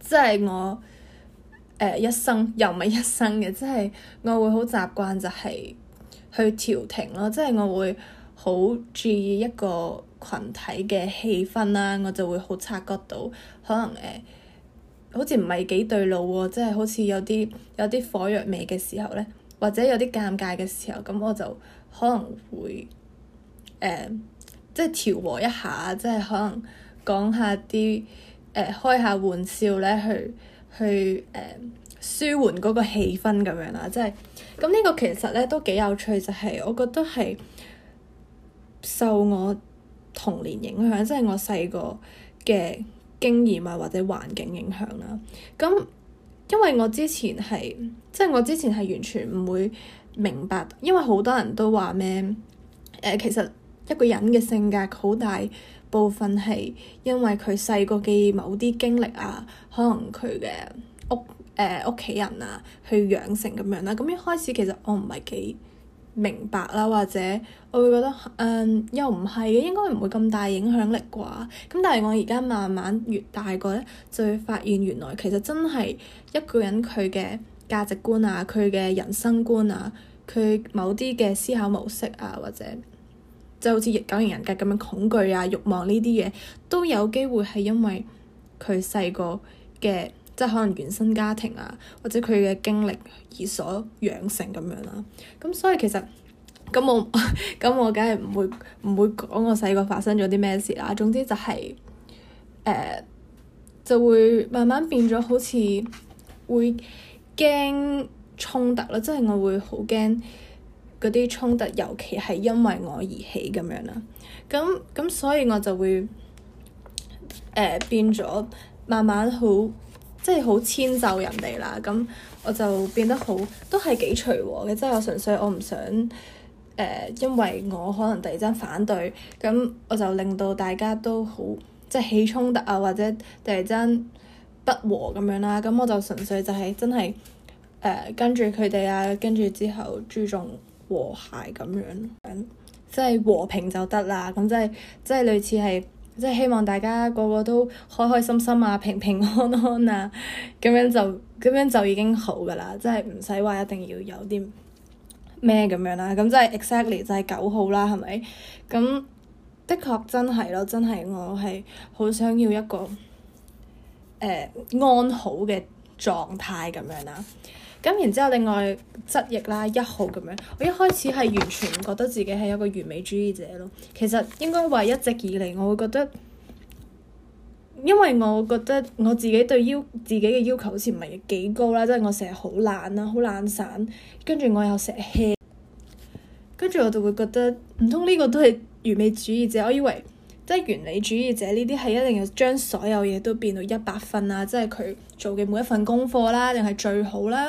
Speaker 1: 即係我誒一生又唔係一生嘅，即係我會好習慣就係去調停咯。即係我會好注意一個。群體嘅氣氛啦，我就會好察覺到，可能誒好似唔係幾對路喎，即係好似有啲有啲火藥味嘅時候呢，或者有啲尷尬嘅時候，咁我就可能會即係調和一下，即係可能講下啲誒開下玩笑呢，去去誒舒緩嗰個氣氛咁樣啦。即係咁呢個其實呢，都幾有趣，就係我覺得係受我。童年影響即係、就是、我細個嘅經驗啊，或者環境影響啦。咁因為我之前係即係我之前係完全唔會明白，因為好多人都話咩誒，其實一個人嘅性格好大部分係因為佢細個嘅某啲經歷啊，可能佢嘅屋誒屋企人啊去養成咁樣啦。咁一開始其實我唔係幾。明白啦，或者我會覺得，嗯，又唔係嘅，應該唔會咁大影響力啩。咁但係我而家慢慢越大個咧，就會發現原來其實真係一個人佢嘅價值觀啊，佢嘅人生觀啊，佢某啲嘅思考模式啊，或者就好似九型人格咁樣恐懼啊、慾望呢啲嘢，都有機會，係因為佢細個嘅。即係可能原生家庭啊，或者佢嘅經歷而所養成咁樣啦。咁所以其實咁我咁我梗係唔會唔會講我細個發生咗啲咩事啦。總之就係、是、誒、呃、就會慢慢變咗，好似會驚衝突啦。即、就、係、是、我會好驚嗰啲衝突，尤其係因為我而起咁樣啦。咁咁所以我就會誒、呃、變咗，慢慢好。即係好遷就人哋啦，咁我就變得好，都係幾隨和嘅。即係我純粹我唔想、呃、因為我可能突然間反對，咁我就令到大家都好即係起衝突啊，或者突然間不和咁樣啦。咁我就純粹就係真係、呃、跟住佢哋啊，跟住之後注重和諧咁樣，即係和平就得啦。咁即係即係類似係。即係希望大家個個都開開心心啊，平平安安啊，咁樣就咁樣就已經好噶啦，即係唔使話一定要有啲咩咁樣、啊、exactly，啦，咁即係 exactly 就係九號啦，係咪？咁的確真係咯，真係我係好想要一個誒、呃、安好嘅狀態咁樣啦、啊。咁然之後，另外執業啦，一號咁樣。我一開始係完全唔覺得自己係一個完美主義者咯。其實應該話一直以嚟，我會覺得，因為我覺得我自己對要自己嘅要求好似唔係幾高啦，即係我成日好懶啦，好懶散，跟住我又成日 hea，跟住我就會覺得唔通呢個都係完美主義者？我以為。即係原理主義者呢啲係一定要將所有嘢都變到一百分啊！即係佢做嘅每一份功課啦，定係最好啦。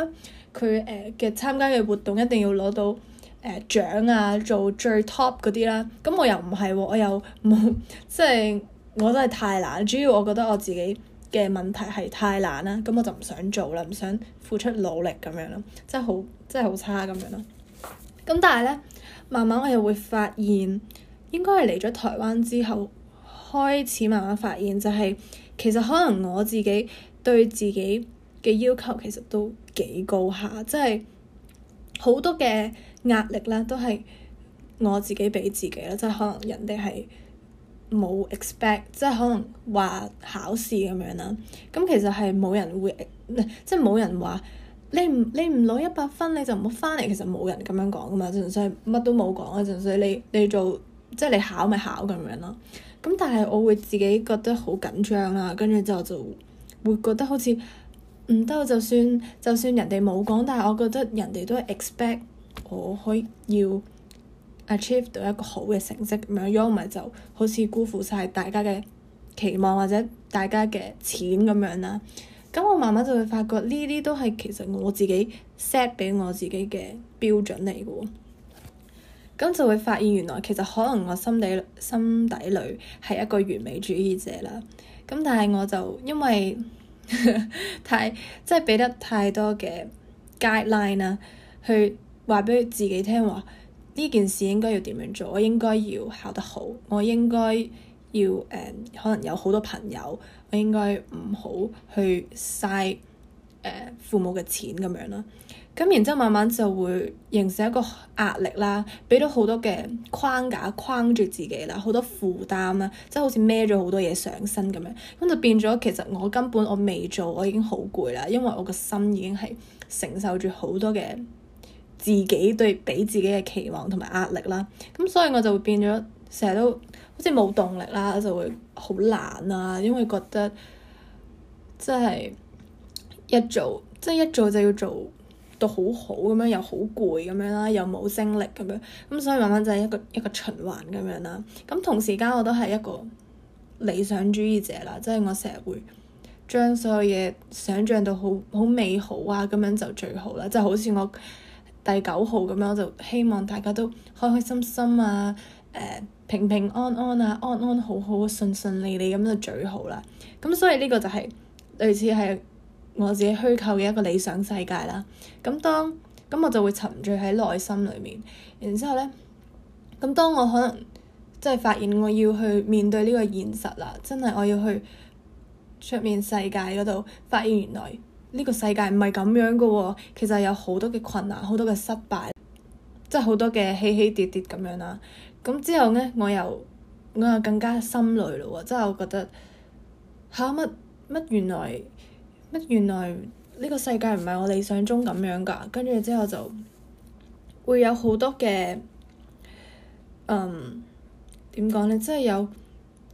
Speaker 1: 佢誒嘅參加嘅活動一定要攞到誒、呃、獎啊，做最 top 嗰啲啦。咁我又唔係喎，我又，哦、我又 *laughs* 即係我都係太懶。主要我覺得我自己嘅問題係太懶啦，咁、嗯、我就唔想做啦，唔想付出努力咁樣咯，即係好即係好差咁樣咯。咁、嗯、但係咧，慢慢我又會發現。應該係嚟咗台灣之後開始慢慢發現，就係其實可能我自己對自己嘅要求其實都幾高下，即係好多嘅壓力咧都係我自己畀自己啦，即係可能人哋係冇 expect，即係可能話考試咁樣啦，咁其實係冇人會，即係冇人話你，你唔攞一百分你就唔好翻嚟，其實冇人咁樣講噶嘛，純粹乜都冇講啊，純粹你你做。即係你考咪考咁樣咯，咁但係我會自己覺得好緊張啦、啊，跟住之後就，就會覺得好似唔得，就算就算人哋冇講，但係我覺得人哋都 expect 我可以要 achieve 到一個好嘅成績咁樣，如果唔係就好似辜負晒大家嘅期望或者大家嘅錢咁樣啦。咁我慢慢就會發覺呢啲都係其實我自己 set 俾我自己嘅標準嚟嘅喎。咁就會發現原來其實可能我心底心底裏係一個完美主義者啦。咁但係我就因為 *laughs* 太即係俾得太多嘅 guideline 啦、啊，去話俾佢自己聽話呢件事應該要點樣做？我應該要考得好，我應該要誒、呃、可能有好多朋友，我應該唔好去嘥誒、呃、父母嘅錢咁樣啦、啊。咁然之後慢慢就會形成一個壓力啦，畀到好多嘅框架框住自己啦，好多負擔啦，即係好似孭咗好多嘢上身咁樣，咁就變咗其實我根本我未做，我已經好攰啦，因為我個心已經係承受住好多嘅自己對畀自己嘅期望同埋壓力啦，咁所以我就會變咗成日都好似冇動力啦，就會好懶啊，因為覺得即係一做即係一做就要做。都好好咁樣，又好攰咁樣啦，又冇精力咁樣，咁所以慢慢就係一個一個循環咁樣啦。咁同時間我都係一個理想主義者啦，即係我成日會將所有嘢想像到好好美好啊，咁樣就最好啦。即係好似我第九號咁樣，我就希望大家都開開心心啊，誒平平安安啊，安安好好啊，順順利利咁就最好啦。咁所以呢個就係類似係。我自己虛構嘅一個理想世界啦，咁當咁我就會沉醉喺內心裏面，然之後呢，咁當我可能即係發現我要去面對呢個現實啦，真係我要去出面世界嗰度，發現原來呢個世界唔係咁樣㗎喎、哦，其實有好多嘅困難，好多嘅失敗，即係好多嘅起起跌跌咁樣啦。咁之後呢，我又我又更加心累咯喎、哦，即係我覺得吓乜乜原來。乜原來呢個世界唔係我理想中咁樣噶，跟住之後就會有好多嘅，嗯，點講咧，即係有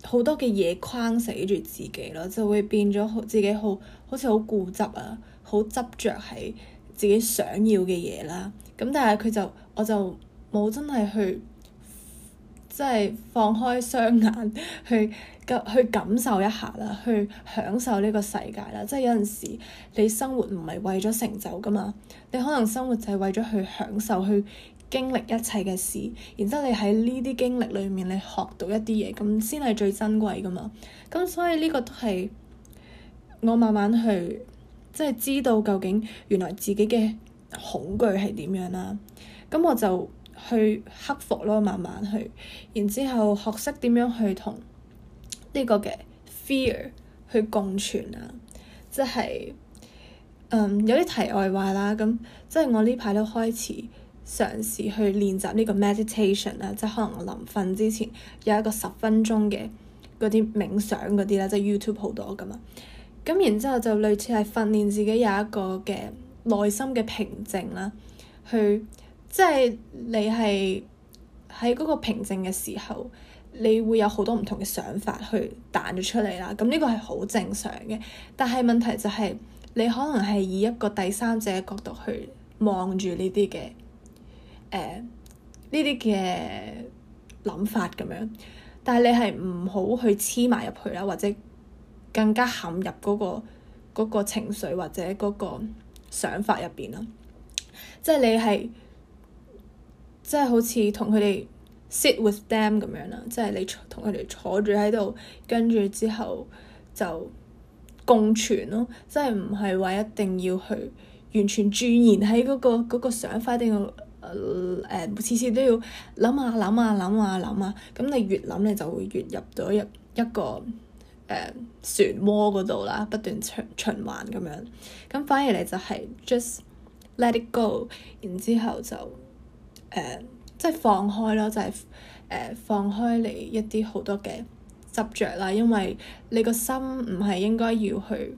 Speaker 1: 好多嘅嘢框死住自己咯，就會變咗好自己好好似好固執啊，好執着喺自己想要嘅嘢啦。咁但係佢就我就冇真係去，即係放開雙眼去。去感受一下啦，去享受呢個世界啦。即係有陣時，你生活唔係為咗成就噶嘛，你可能生活就係為咗去享受，去經歷一切嘅事，然之後你喺呢啲經歷裏面，你學到一啲嘢，咁先係最珍貴噶嘛。咁所以呢個都係我慢慢去，即係知道究竟原來自己嘅恐懼係點樣啦、啊。咁我就去克服咯，慢慢去，然之後學識點樣去同。呢個嘅 fear 去共存啊，即係、嗯、有啲題外話啦。咁即係我呢排都開始嘗試去練習呢個 meditation 啦，即係可能我臨瞓之前有一個十分鐘嘅嗰啲冥想嗰啲啦，即係 YouTube 好多噶嘛。咁然之後就類似係訓練自己有一個嘅內心嘅平靜啦，去即係你係喺嗰個平靜嘅時候。你會有好多唔同嘅想法去彈咗出嚟啦，咁呢個係好正常嘅。但係問題就係你可能係以一個第三者嘅角度去望住呢啲嘅，誒呢啲嘅諗法咁樣。但係你係唔好去黐埋入去啦，或者更加陷入嗰個嗰個情緒或者嗰個想法入邊啦。即係你係，即係好似同佢哋 sit with them 咁樣啦，即係你同佢哋坐住喺度，跟住之後就共存咯，即係唔係話一定要去完全轉移喺嗰個想法，定要誒次次都要諗下、諗下、諗下、諗下。咁你越諗你就會越入到入一個誒漩渦嗰度啦，不斷循循環咁樣，咁反而你就係 just let it go，然之後就誒。啊即係放開咯，就係、是、誒、呃、放開你一啲好多嘅執着啦。因為你個心唔係應該要去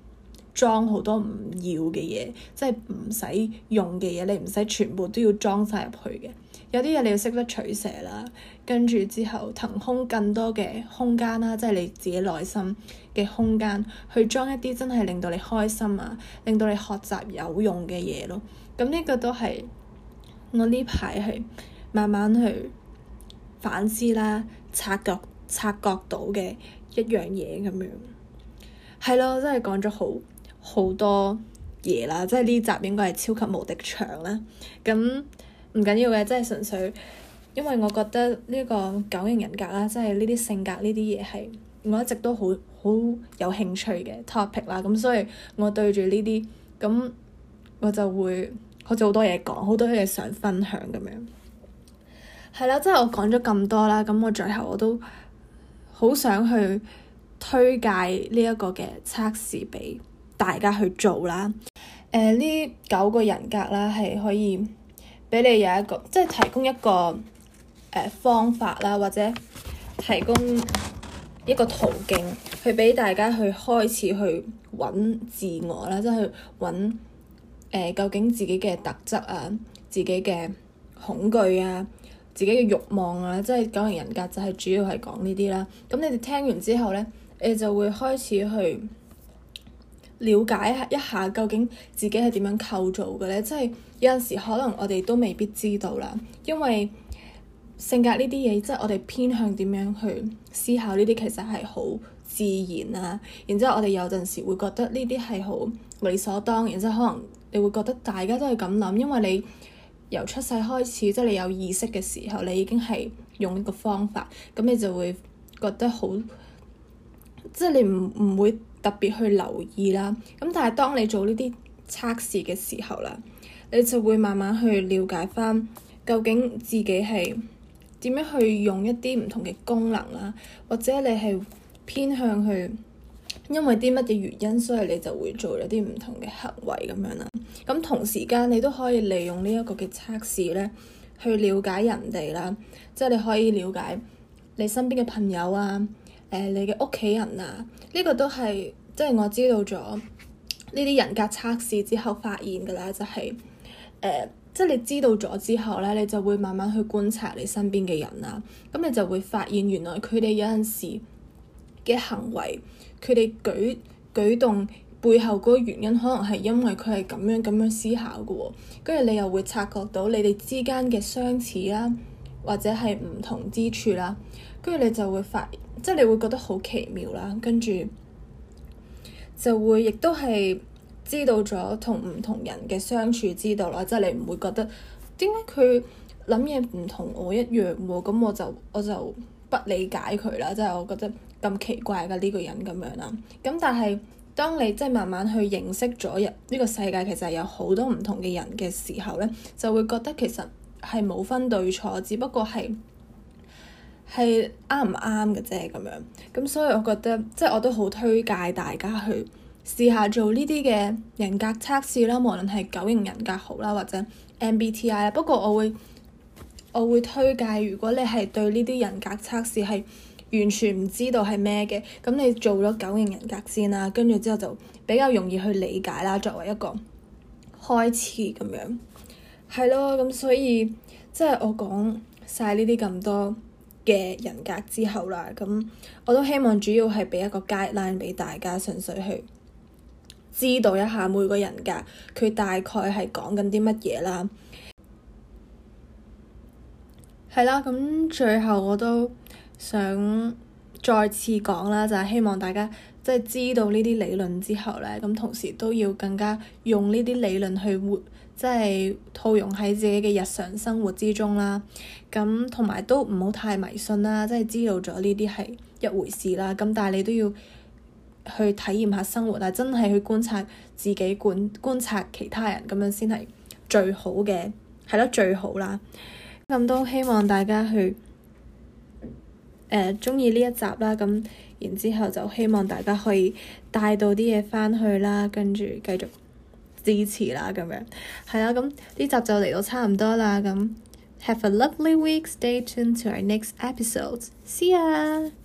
Speaker 1: 裝好多唔要嘅嘢，即係唔使用嘅嘢，你唔使全部都要裝晒入去嘅。有啲嘢你要識得取捨啦，跟住之後騰空更多嘅空間啦，即係你自己內心嘅空間去裝一啲真係令到你開心啊，令到你學習有用嘅嘢咯。咁呢個都係我呢排係，慢慢去反思啦，察覺察覺到嘅一樣嘢咁樣，係咯，真係講咗好好多嘢啦。即係呢集應該係超級無敵長啦。咁唔緊要嘅，即係真純粹因為我覺得呢個九型人格啦，即係呢啲性格呢啲嘢係我一直都好好有興趣嘅 topic 啦。咁所以我對住呢啲咁，我就會好似好多嘢講，好多嘢想分享咁樣。係啦，即係我講咗咁多啦，咁我最後我都好想去推介呢一個嘅測試俾大家去做啦。誒、呃，呢九個人格啦，係可以俾你有一個即係提供一個誒、呃、方法啦，或者提供一個途徑去俾大家去開始去揾自我啦，即係去揾誒究竟自己嘅特質啊，自己嘅恐懼啊。自己嘅欲望啊，即係九型人格就係主要係講呢啲啦。咁你哋聽完之後呢，你就會開始去了解一下，一下究竟自己係點樣構造嘅呢？即係有陣時可能我哋都未必知道啦，因為性格呢啲嘢，即係我哋偏向點樣去思考呢啲，其實係好自然啊。然之後我哋有陣時會覺得呢啲係好理所當然，之後可能你會覺得大家都係咁諗，因為你，由出世開始，即係你有意識嘅時候，你已經係用呢個方法，咁你就會覺得好，即係你唔唔會特別去留意啦。咁但係當你做呢啲測試嘅時候啦，你就會慢慢去了解翻究竟自己係點樣去用一啲唔同嘅功能啦，或者你係偏向去。因為啲乜嘢原因，所以你就會做咗啲唔同嘅行為咁樣啦。咁同時間，你都可以利用呢一個嘅測試咧，去了解人哋啦。即係你可以了解你身邊嘅朋友啊，誒，你嘅屋企人啊。呢個都係即係我知道咗呢啲人格測試之後發現嘅啦，就係誒，即係你知道咗之後咧，你就會慢慢去觀察你身邊嘅人啊。咁你就會發現原來佢哋有陣時嘅行為。佢哋舉舉動背後嗰個原因，可能係因為佢係咁樣咁樣思考嘅喎、哦，跟住你又會察覺到你哋之間嘅相似啦，或者係唔同之處啦，跟住你就會發，即係你會覺得好奇妙啦，跟住就會亦都係知道咗同唔同人嘅相處之道啦，即係你唔會覺得點解佢諗嘢唔同我一樣喎、啊，咁我就我就不理解佢啦，即係我覺得。咁奇怪嘅呢個人咁樣啦，咁但係當你即係慢慢去認識咗入呢個世界，其實有好多唔同嘅人嘅時候呢，就會覺得其實係冇分對錯，只不過係係啱唔啱嘅啫咁樣。咁所以我覺得即係我都好推介大家去試下做呢啲嘅人格測試啦，無論係九型人格好啦，或者 MBTI。不過我會我會推介，如果你係對呢啲人格測試係。完全唔知道係咩嘅，咁你做咗九型人格先啦，跟住之後就比較容易去理解啦，作為一個開始咁樣，係咯，咁所以即係我講晒呢啲咁多嘅人格之後啦，咁我都希望主要係俾一個 guideline 俾大家，純粹去知道一下每個人格佢大概係講緊啲乜嘢啦，係啦，咁最後我都。想再次講啦，就係希望大家即係知道呢啲理論之後咧，咁同時都要更加用呢啲理論去活，即係套用喺自己嘅日常生活之中啦。咁同埋都唔好太迷信啦，即係知道咗呢啲係一回事啦。咁但係你都要去體驗下生活啊，但係，真係去觀察自己，觀觀察其他人咁樣先係最好嘅，係咯最好啦。咁都希望大家去。誒中意呢一集啦，咁、嗯、然之後就希望大家可以帶到啲嘢翻去啦，跟住繼續支持啦咁樣，係啊，咁、嗯、呢集就嚟到差唔多啦，咁、嗯、Have a lovely week，stay tuned to our next episode，See ya。